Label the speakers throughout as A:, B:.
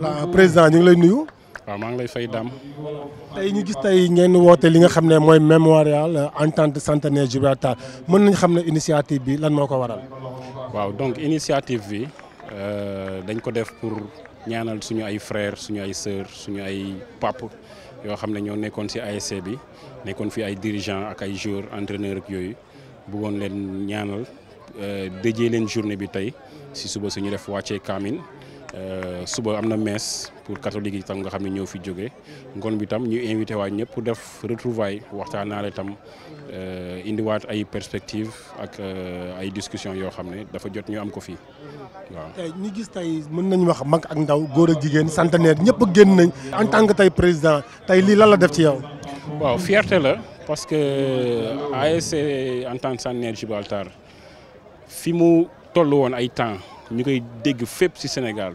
A: waaw président ñu ngi lay nuyu. waaw maa ngi lay fay daam. tey ñu
B: gis tey ngeen woote li nga xam ne mooy mémorial euh, entente centenaire Gibraltar mën nañ xam ne initiative bi lan moo ko waral. waaw
A: donc initiative bi euh, dañ ko def pour ñaanal suñu ay frères suñu ay sœurs suñu ay pap yoo xam ne ñoo nekkoon ci ay bi nekkoon fi ay dirigeants ak ay joueurs entraîneurs ak yooyu bëggoon leen ñaanal. Euh, déjee leen journée bi tey si suba suñu def wàccee kaamin euh, suba am na messe pour catholique yi tam nga xam ne ñëw fi jóge ngoon bi tam ñu invité waa ñëpp pour def retrouvaille waxtaanaale tam euh, indiwaat ay perspective ak ay discussion yoo xam ne dafa jot ñu am ko fii
B: waaw. ñu gis tey mën nañu wax mag ak ndaw góor ak jigéen centenaire ñëpp génn nañ en tant que tey président tey lii lan la def ci yow.
A: waaw fierté la parce que ASC entente centenaire Gibraltar fi mu toll woon ay temps ñu koy dégg fépp ci Sénégal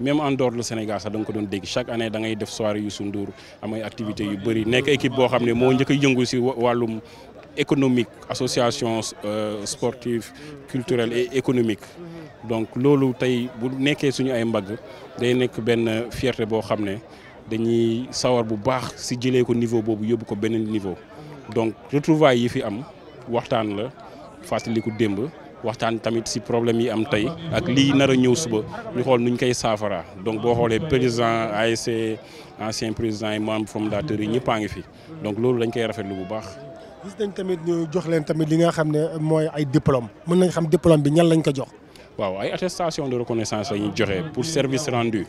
A: même en dehors Sénégal sax da ko doon dégg chaque année da ngay def soir yu Ndour am ay activités yu bëri nekk équipe boo xam ne moo njëkk a yëngu ci économique association euh, sportive culturelle et économique donc loolu tey bu nekkee suñu ay mbagg day nekk benn fierté boo xam ne dañuy sawar bu baax si jëlee ko niveau boobu yóbbu ko beneen niveau donc retrouvailles yi fi am waxtaan la fàttaliku démb waxtaan tamit si problème yi am tey ak lii nar a ñëw suba ñu xool nuñ koy saafara donc boo xoolee président ASC ancien président yi maam membre fondateur yi ñëpp a ngi fi donc loolu dañ koy rafetlu bu baax.
B: tamit ñu jox leen tamit li nga xam ne mooy ay diplôme mën nañ xam diplôme bi ñan lañ ko jox.
A: waaw ay attestation de reconnaissance la ñuy joxe pour service rendu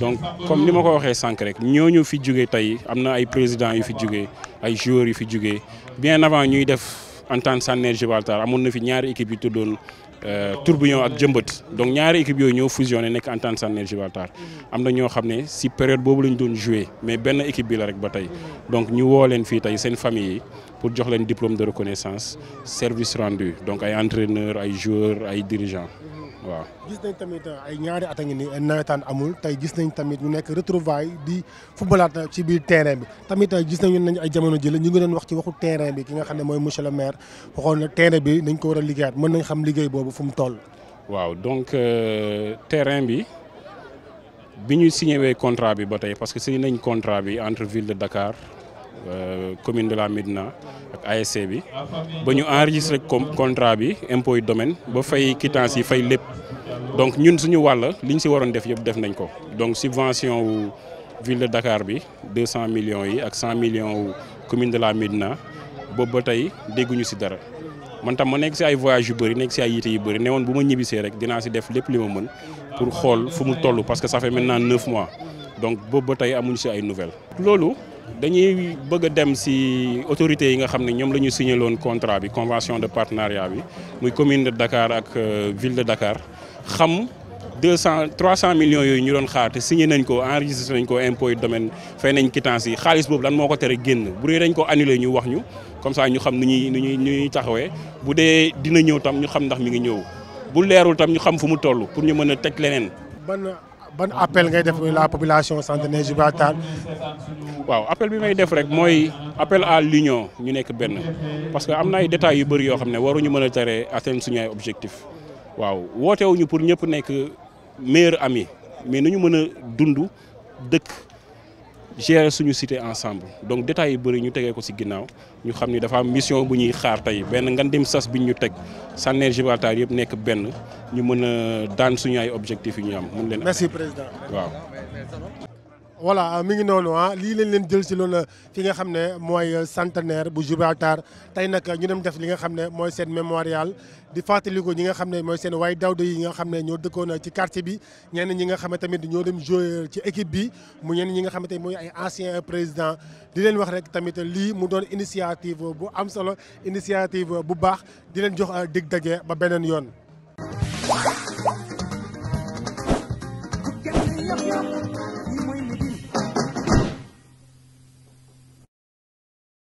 A: donc comme ni ma ko waxee sànq rek ñooñu fi jugee tey am na ay président yu fi jugee ay joueurs yu fi jugee bien avant ñuy def. Entente Sanner Gibraltar amoon na fi ñaari équipe yu tuddoon euh, tourbillon ak jëmbët donc ñaari équipe yooyu ñoo fusionné nekk Entente Sanner Gibraltar am na ñoo xam ne si période boobu la ñu doon joué mais benn équipe bi la rek ba tey donc ñu woo leen fii tey seen famille yi pour jox leen diplôme de reconnaissance service rendu donc ay entraîneur ay joueur ay dirigeant waaw
B: gis nañ tamit euh, ay ñaari at a ngi ni nawetaan amul tey gis nañ tamit ñu nekk yi di footballaat ci biir terrain bi tamit euh, gis nañu nañ ay jamono jële ñu ngi doon wax ci waxu terrain bi ki nga xam ne mooy monsieur le maire waxoon na terrain bi dañ ko war a liggéeyaat mën nañ xam liggéey boobu fu
A: mu toll. waaw donc euh, terrain bi bi ñuy signewee contrat bi ba tey parce que signé nañ contrat bi entre ville de Dakar. Euh, commune de la Médina ak ASC bi ba ñu enregistré contrat bi yu domaine ba fay quittance yi fay lépp donc ñun suñu wàll li ñu si waroon def yëpp def nañ ko donc subvention wu ville de Dakar bi 200 millions yi ak 100 millions wu commune de la Médina boobu ba tey dégguñu si dara man tam ma nekk si ay voyage yu bëri nekk si ay yite yu bëri ne woon bu ma ñibbisee rek dina si def lépp li ma mën pour xool fu mu toll parce que ça fait maintenant 9 mois donc boobu ba tey amuñu si ay nouvelles loolu. dañuy bëgg dem si autorités yi nga xam ne ñoom la ñu signé loon contrat bi convention de partenariat bi muy commune de Dakar ak euh, ville de Dakar xam deux cent trois cent millions yooyu ñu doon xaar te signé nañ ko enregistré nañ ko impôt yi domaine fay nañ quittance yi xaalis boobu lan moo ko tere génn bu dee dañ ko annulé ñu wax ñu comme ça ñu xam nu ñuy nu ñuy ñuy taxawee bu dee dina ñëw tam ñu xam ndax mi ngi ñëw bu leerul tam ñu xam fu mu toll pour ñu mën a teg leneen.
B: ban appel ngay def la population centenaire Gibraltar.
A: waaw appel bi may def rek mooy appel à l'union ñu nekk benn parce que am na ay détails yu bëri yoo xam ne waruñu mën a tere atteindre suñu ay objectif waaw wootewuñu pour ñëpp nekk meilleur ami mais nu ñu mën a dund dëkk. gérer suñu cité ensemble donc détails yu bëri ñu tegee ko si ginnaaw ñu xam ni dafa am mission bu ñuy xaar tey benn nga dem sas bi ñu teg sànneer Gibraltar yëpp nekk benn ñu mën a daan suñu ay objectif yu ñu am. mun leen merci président waaw.
B: voilà euh, mi ngi noonu ah lii lañ leen jël si loolu euh, fi nga xam ne mooy euh, centenaire bu Gibraltar tey nag ñu dem def li nga xam ne mooy seen mémorial di fàttaliku ñi nga xam ne mooy seen waay dawde yi nga xam ne ñoo dëkkoona ci quartier bi ñenn ñi nga xam ne tamit ñoo dem jouer ci équipe bi mu ñeen ñi nga xam ne tamit mooy ay ancien président di leen wax rek tamit lii mu doon initiative bu am solo initiative bu baax di leen jox dig daje ba beneen yoon.